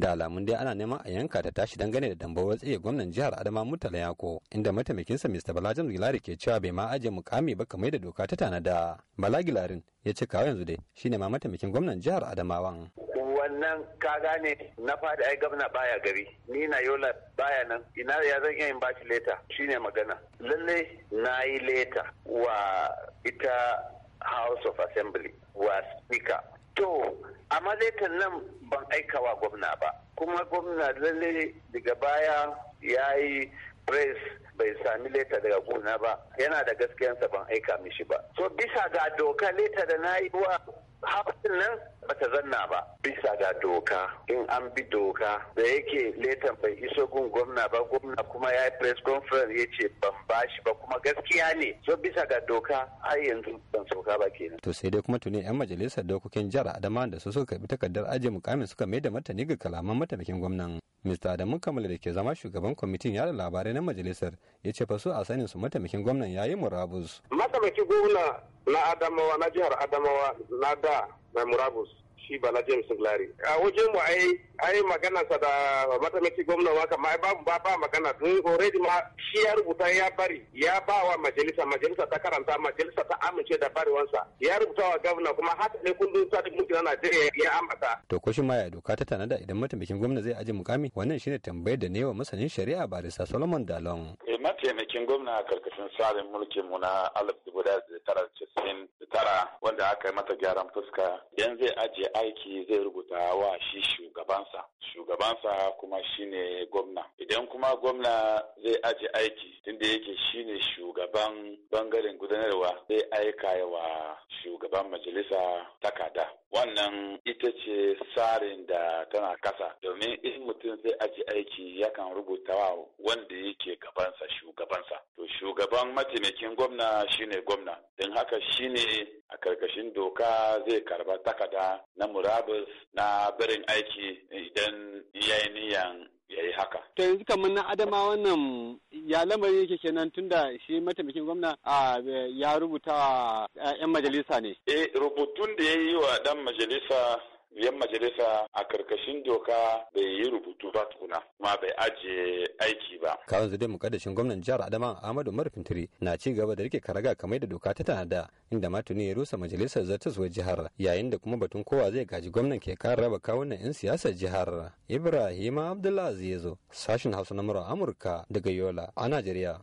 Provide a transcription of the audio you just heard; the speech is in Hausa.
da alamun dai ana neman a yanka ta tashi dangane da dambawar tsaye gwamnan jihar adama murtala yako inda mataimakinsa mr balajan gilari ke cewa bai ma ajiye mukami ba kamar da doka ta tanada bala gilarin ya ce kawo yanzu dai shine ma mataimakin gwamnan jihar adamawan wannan ka gane na fada ai gwamna baya gari ni na yola baya nan ina ya zan iya yin bashi leta shine magana lalle na yi leta wa ita house of assembly wa speaker to a malaitan nan ban aikawa gwamna ba kuma gwamna lalle daga baya ya yi press bai sami leta daga gwamna ba yana da gaskiyansa ban aika mishi ba so bisa ga doka leta da na yi wa hafin nan ba ta zanna ba bisa ga doka in an bi doka da yake letan bai iso gun gwamna ba gwamna kuma ya yi press conference ya ce ban bashi ba kuma gaskiya ne so bisa ga doka har yanzu ban sauka ba kenan. to sai dai kuma tuni yan majalisar dokokin jihar adama da su suka karbi takardar ajiye mukamin suka mai da martani ga kalaman mataimakin gwamnan. Mr. Adamu Kamal da ke zama shugaban kwamitin yada labarai na majalisar ya ce fa su a sanin su mataimakin gwamnan yayi murabus. Mataimakin gwamna na Adamawa na jihar Adamawa na da mai murabus shi bala james singlari a wajen mu ai ai magana sa da mataimakin gwamna ma ba babu ba ba magana to already ma shi ya rubuta ya bari ya ba wa majalisa majalisa ta karanta majalisa ta amince da barewansa ya rubuta wa gwamna kuma haka ne kundin da mulki na Najeriya ya ambata to ko shi ma ya doka ta da idan mataimakin gwamna zai aji mukami wannan shine tambayar da ne wa masanin shari'a barista Solomon Dalon eh, mataimakin gwamna a karkashin tsarin mulkin mu na tara wanda aka yi mata gyaran fuska yanzu zai ajiye aiki zai rubuta wa shi shugabansa shugabansa kuma shine gwamna idan kuma gwamna zai aje aiki tunda yake shine shugaban bangaren gudanarwa zai aika wa shugaban majalisa takada wannan ita ce tsarin da tana kasa domin in mutum zai aji aiki yakan rubuta wa wanda yake gabansa shugabansa to shugaban mataimakin gwamna shine gwamna don haka shine a karkashin doka zai karba takada na murabus na barin aiki idan yayi niyan ya yi haka. To yanzu kamar na adama wannan ya lamari yake kenan tunda shi mataimakin gwamna ya rubuta 'yan majalisa ne. Eh rubutun da ya yi wa dan majalisa yan majalisa a karkashin doka bai yi rubutu ba tukuna ma bai ajiye aiki ba. Kawun zai mukaddashin gwamnan jihar Adama Ahmadu fintiri na ci gaba da rike karaga kamar da doka ta tanada inda ma tuni ya rusa majalisar wa jihar yayin da kuma batun kowa zai gaji gwamnan ke kara raba kawunan 'yan siyasar jihar. Ibrahim Abdullahi zo. sashen Hausa na Amurka daga Yola a Najeriya.